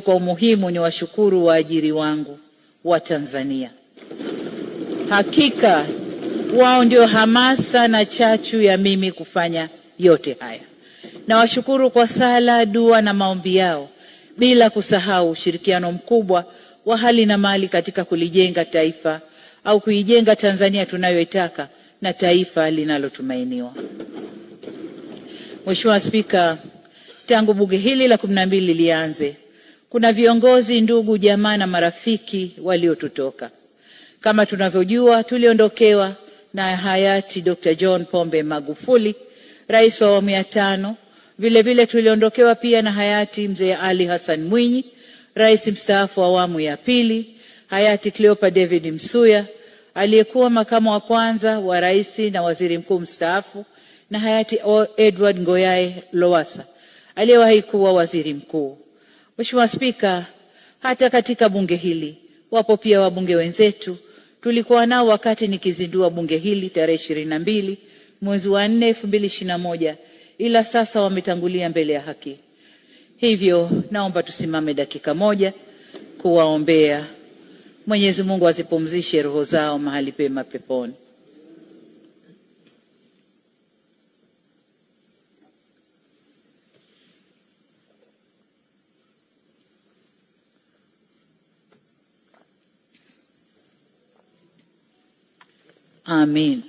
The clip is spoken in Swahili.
Kwa umuhimu ni washukuru waajiri wangu wa Tanzania. Hakika wao ndio hamasa na chachu ya mimi kufanya yote haya. Nawashukuru kwa sala, dua na maombi yao, bila kusahau ushirikiano mkubwa wa hali na mali katika kulijenga taifa au kuijenga Tanzania tunayoitaka na taifa linalotumainiwa. Mheshimiwa Spika, tangu bunge hili la kumi na mbili kuna viongozi, ndugu, jamaa na marafiki waliotutoka. Kama tunavyojua, tuliondokewa na hayati Dr. John Pombe Magufuli, rais wa awamu ya tano. Vilevile tuliondokewa pia na hayati mzee Ali Hassan Mwinyi, rais mstaafu wa awamu ya pili, hayati Cleopa David Msuya aliyekuwa makamu wa kwanza wa rais na waziri mkuu mstaafu, na hayati Edward ngoyae Lowassa aliyewahi kuwa waziri mkuu. Mheshimiwa Spika, hata katika bunge hili wapo pia wabunge wenzetu, tulikuwa nao wakati nikizindua bunge hili tarehe ishirini na mbili mwezi wa nne elfu mbili ishirini na moja ila sasa wametangulia mbele ya haki. Hivyo naomba tusimame dakika moja kuwaombea. Mwenyezi Mungu azipumzishe roho zao mahali pema peponi. Amém.